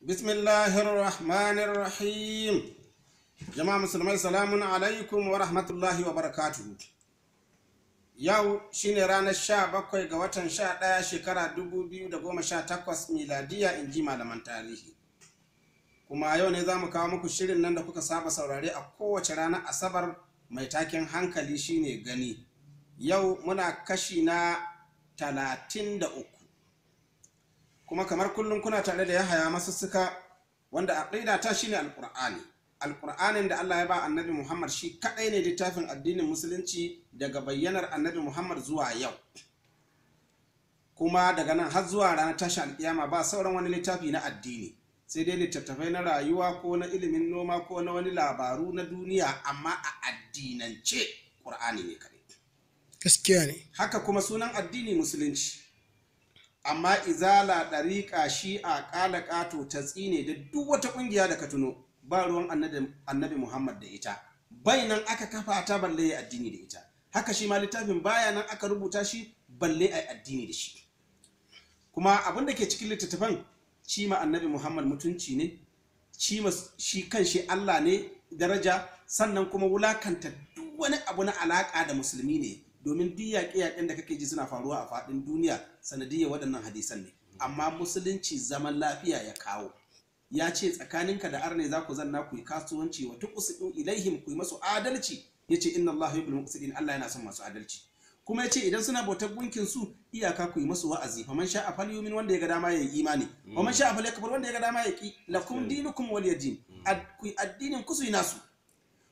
bismillahirrahmanirrahim jama'a musulmai salamun alaikum wa rahmatullahi wa barakatuhu yau shine ranar sha bakwai ga watan sha ɗaya shekara dubu biyu da goma sha takwas miladiya in ji malaman tarihi kuma yau ne za mu kawo muku shirin nan da kuka saba saurare a kowace rana asabar mai taken hankali shine gani yau muna kashi na talatin da uku kuma kamar kullum kuna tare da yahaya masussuka wanda aqida ta shine alqur'ani alqur'anin da Allah ya ba annabi Muhammad shi kadai ne littafin addinin musulunci daga bayyanar annabi Muhammad zuwa yau kuma daga nan har zuwa ranar tashin alkiyama ba sauran wani littafi na addini sai dai littattafai na rayuwa ko na ilimin noma ko na wani labaru na duniya amma a addinance ƙur'ani ne kaɗai gaskiya ne haka kuma sunan addini musulunci amma izala ɗariƙa a ƙala ƙato ta tsine da duk wata ƙungiya da ka tuno ba ruwan annabi muhammad da ita bai nan aka kafa ta balle ya addini da ita haka shi ma littafin baya nan aka rubuta shi balle a addini da shi kuma abin da ke cikin littattafan shi ma annabi muhammad mutunci ne shi kan shi allah ne daraja sannan kuma wulakanta duk wani abu na alaƙa da musulmi ne domin duk yaƙe-yaƙen da kake ji suna faruwa a faɗin duniya sanadiyyar waɗannan hadisan ne amma musulunci zaman lafiya ya kawo ya ce tsakaninka da arne za ku zanna ku yi kasuwanci wa tuqsidu ilaihim ku yi masu adalci Ya yace inna Allah yuhibbul muqsidin Allah yana son masu adalci kuma ya ce idan suna bautar gunkin su iyaka ku yi masu wa'azi faman sha'a falyumin wanda ya ga dama ya yi imani faman sha'a falyakfur wanda ya ga dama ya ki lakum dinukum waliyadin ad ku addinin ku su yi nasu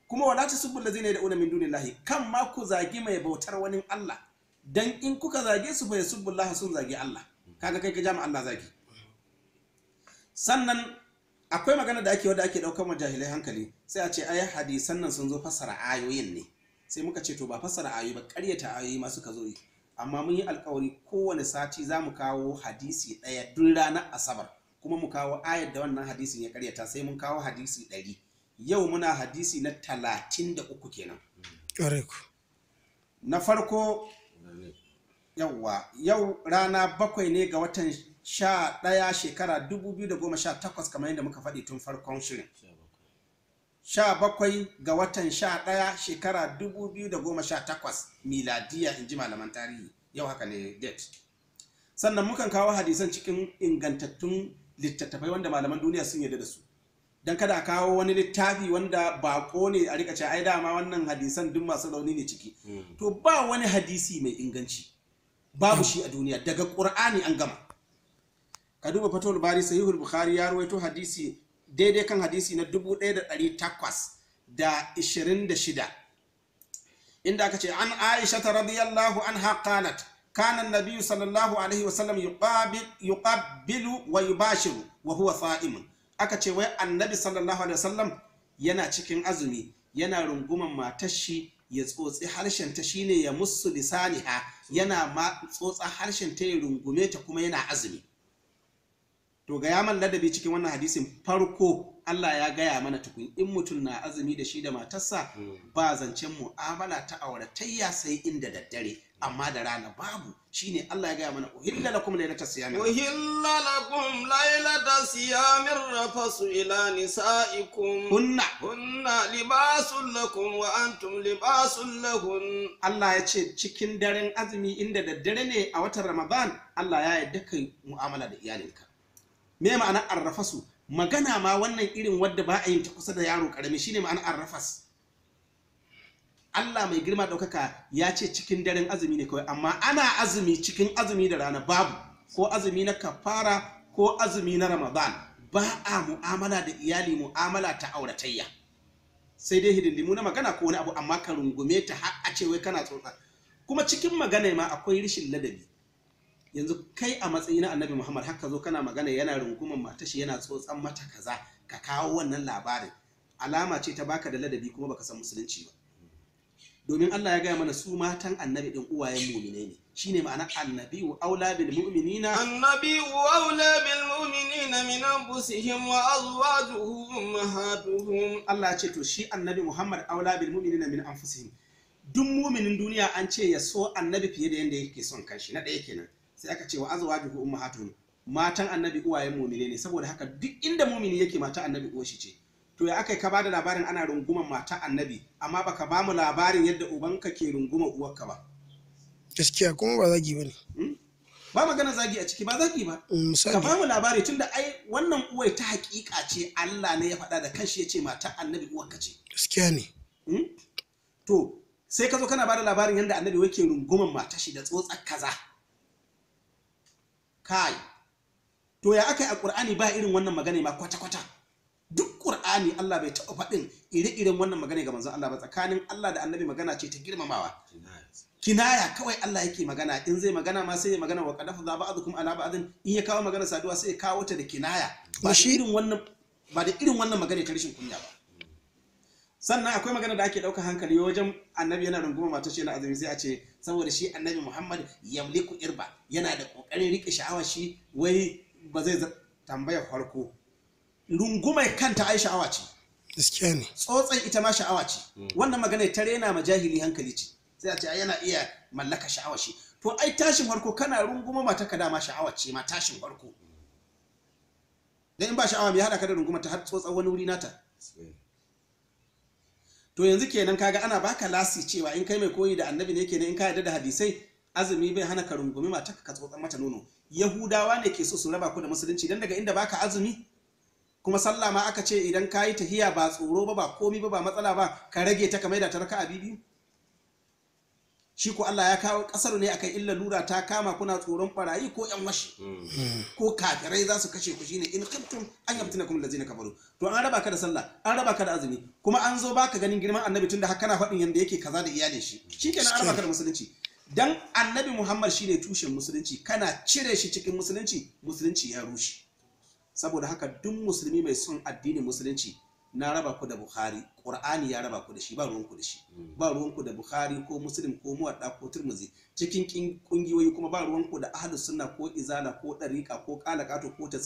kuma wala tasubbu allazina yad'una min dunillahi kan ma ku zagi mai bautar wani Allah dan in kuka zage su fa yasubbu sun zagi Allah kaga kai ka jama Allah zagi sannan akwai magana da ake wadda ake daukar majahilai hankali sai a ce ai hadisan nan sun zo fassara ayoyin ne sai muka ce to ba fassara ayoyi ba karyata ayoyi masu suka zo amma mun yi alkawari kowane sati za mu kawo hadisi ɗaya duk ranar asabar kuma mu kawo ayar da wannan hadisin ya karyata sai mun kawo hadisi ɗari yau muna hadisi na talatin da uku kenan na farko yauwa yau rana bakwai ne ga watan sha ɗaya shekara dubu biyu da goma sha takwas kamar yadda muka faɗi tun farkon shirin sha bakwai ga watan sha ɗaya shekara dubu biyu da goma sha takwas miladiya in ji malaman tarihi yau haka ne date sannan mukan kawo hadisan cikin ingantattun littattafai wanda malaman duniya sun yarda da su don kada a kawo wani littafi wanda bako ne a rika ai dama wannan hadisan duk masu rauni ne ciki hmm. to ba wani hadisi mai inganci babu shi a duniya daga qur'ani an gama ka duba fatul bari sahihul bukhari ya rawaito hadisi daidai kan hadisi na 1826 inda aka ce an aisha ta radiyallahu anha qalat kana an-nabiy sallallahu alaihi wasallam yuqabilu wa yubashiru wa huwa sa'imun aka ce wai annabi sallallahu alaihi wasallam yana cikin azumi yana runguman matar shi ya tsotsi harshen ta shine ya musu lisaniha yana ma tsotsa harshen ta ya rungume ta kuma yana azumi to ga ya man ladabi cikin wannan hadisin farko Allah ya gaya mana tukun in mutum na azumi da shi da matarsa hmm. ba zancen mu'amala ta auratayya sai inda daddare amma da rana babu shine Allah ya gaya mana uhilla lakum laylata siyami uhilla lakum laylata siyami rafasu ila nisaikum hunna hunna libasun lakum wa antum libasun lahun Allah ya ce cikin daren azumi inda daddare ne a watan Ramadan Allah ya yarda kai mu'amala da iyalinka me ma'anar arrafasu magana ma wannan irin wadda ba a yin ta kusa da yaro karami shine ma'anar arrafas Allah mai girma ɗaukaka ya ce cikin daren azumi ne kawai amma ana azumi cikin azumi da rana babu ko azumi na kafara ko azumi na ramadan ba a mu'amala da iyali mu'amala ta auratayya sai dai hidindimu na magana ko wani abu amma ka rungume ta har a ce wai kana tsotsa kuma cikin magana ma akwai rashin ladabi yanzu kai a matsayi na annabi muhammad haka zo kana magana yana rungumar matashi yana tsotsan mata kaza ka kawo wannan labarin alama ce ta baka da ladabi kuma baka san musulunci ba domin Allah ya gaya mana su matan annabi din uwayen mu'mine ne shine ma'ana annabi wa aula bil mu'minina annabi wa aula bil mu'minina min anfusihim wa azwajuhum ummahatuhum Allah ce to shi annabi Muhammad aula bil mu'minina min anfusihim duk mu'minin duniya an ce ya so annabi fiye da yanda yake son kanshi na ɗaya kenan sai aka ce wa azwajuhu ummahatuhum matan annabi uwayen mumine ne saboda haka duk inda mumini yake mata annabi uwa shi ce to ya aka yi ka bada labarin ana runguman mata annabi amma baka ba mu labarin yadda ubanka ke runguman uwarka ba gaskiya kuma ba zagi ba ne. Hmm? ba magana zagi a ciki ba zagi ba mm, ka ba mu labari tunda ai wannan uwai ta hakika ce Allah ne ya faɗa da kanshi ya ce mata annabi uwarka ce gaskiya ne hmm? to sai ka zo kana bada labarin yadda annabi wake runguman mata shi da tsotsar kaza kai to ya aka yi a ƙur'ani ba irin wannan magana ma kwata-kwata duk ƙur'ani Allah bai taɓa faɗin ire-iren wannan magana ga manzon Allah ba tsakanin Allah da annabi magana ce ta girmamawa kinaya kawai Allah yake magana in zai magana ma sai ya magana wa qadafa za ba'dukum ala ba'adin in ya kawo magana saduwa sai ya kawo ta da kinaya ba irin wannan ba da irin wannan magana ta rashin kunya ba sannan akwai magana da ake ɗauka hankali wajen annabi yana runguma mata shi na azumi sai a ce saboda shi annabi muhammad yamliku irba yana da ƙoƙarin riƙe sha'awa shi wai ba zai tambayar farko rungumai kanta ai sha'awa ce tsotsai tsotsan ita ma sha'awa ce mm. wannan magana ta rena ma jahili hankali ce sai a ce yana iya mallaka sha'awa shi to ai tashin farko kana runguma mata ka dama sha'awa ce ma tashin farko dan in ba sha'awa mai hada ka da runguma ta har tsotsan wani wuri nata to yanzu kenan kaga ana baka lasi cewa in kai mai koyi da annabi ne kenan in ka yarda da hadisai azumi bai hana ka rungumi mata ka tsotsan mata nono yahudawa ne ke so su raba ku da musulunci dan daga inda baka azumi kuma sallah ma aka ce idan kayi yi tahiya ba tsoro ba ba komi ba ba matsala ba ka rage ta ka maida ta raka'a biyu shi ko Allah ya kawo kasar ne akan illa lura ta kama kuna tsoron barayi ko yan mashi hmm. ko kafirai za su kashe ku shine in khiftum an kum allazina kafaru to an raba ka da sallah an raba ka da azumi kuma an zo baka ganin girman annabi tunda har kana faɗin yanda yake kaza da iyalin shi shikenan an raba ka da musulunci dan annabi Muhammad shine tushen musulunci kana cire shi cikin musulunci musulunci ya rushe saboda haka duk musulmi mai son addinin musulunci na raba ku da bukhari qur'ani ya raba ku da shi ba ruwan ku da shi hmm. ba ruwan ku da bukhari ko muslim ko Muwaɗa, ko turmuzi cikin ƙungiyoyi kuma ba ruwan ku da ahlus sunna ko Izana, ko dariqa ko qalaqatu ko ta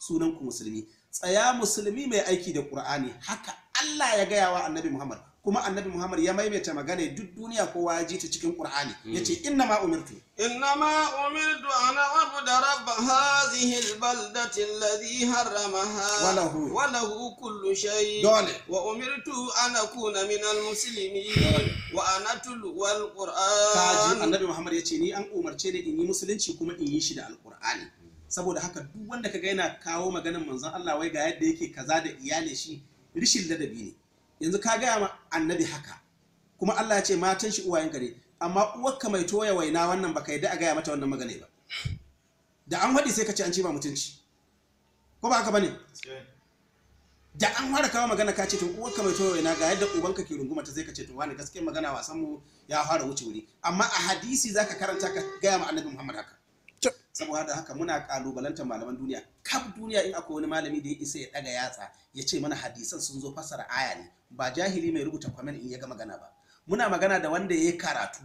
sunan ku musulmi tsaya musulmi mai aiki da qur'ani haka Allah ya gaya wa annabi Muhammad kuma annabi muhammad ya maimaita magana duk duniya kowa ya ji ta cikin qur'ani hmm. yace inna ma umirtu inna ma umirtu ana abuda rabb hadhihi albaldati alladhi harramaha wa lahu wa lahu kullu shay wa umirtu an akuna min almuslimin wa ana tulwa alquran annabi muhammad yace ni an umarce ni in yi musulunci kuma in yi shi da alqur'ani saboda haka duk wanda kaga yana kawo maganar manzon Allah wai ga yadda yake kaza da iyali shi rishin ladabi ne yanzu ka gaya ma annabi haka kuma Allah ya ce matan shi uwayen ne amma uwarka mai toya waina wannan baka yadda a gaya mata wannan magana ba da an haɗi sai ka ce an ci ba mutunci ko ba haka bane da an fara kawo magana ka ce to uwarka mai toya waina ga yadda ubanka ke runguma ta sai ka ce to wani gaskiyar magana wasan mu ya fara wuce wuri amma a hadisi zaka karanta ka gaya ma annabi Muhammad haka saboda haka muna kalubalantar malaman duniya kaf duniya in akwai wani malami da ya isa ya daga yatsa ya ce mana hadisan sun zo fasara aya ne ba jahili mai rubuta kwamen in ya ga magana ba muna magana da wanda ya yi karatu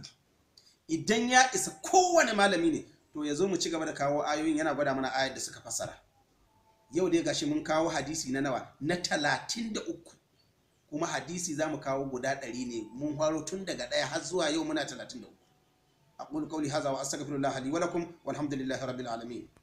idan ya isa kowane malami ne to ya zo mu ci gaba da kawo ayoyin yana gwada mana ayar da suka fasara yau dai gashi mun kawo hadisi na nawa na talatin da uku kuma hadisi za mu kawo guda ɗari ne mun faro tun daga ɗaya har zuwa yau muna talatin da uku أقول قولي هذا وأستغفر الله لي ولكم والحمد لله رب العالمين